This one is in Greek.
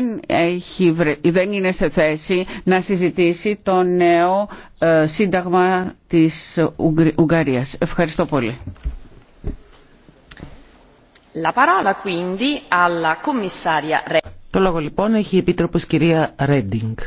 δεν, έχει, δεν είναι σε θέση να συζητήσει το νέο ε, σύνταγμα της Ουγγαρίας. Ευχαριστώ πολύ. La parola quindi alla commissaria... Το λόγο λοιπόν έχει η Επίτροπος κυρία Ρέντινγκ.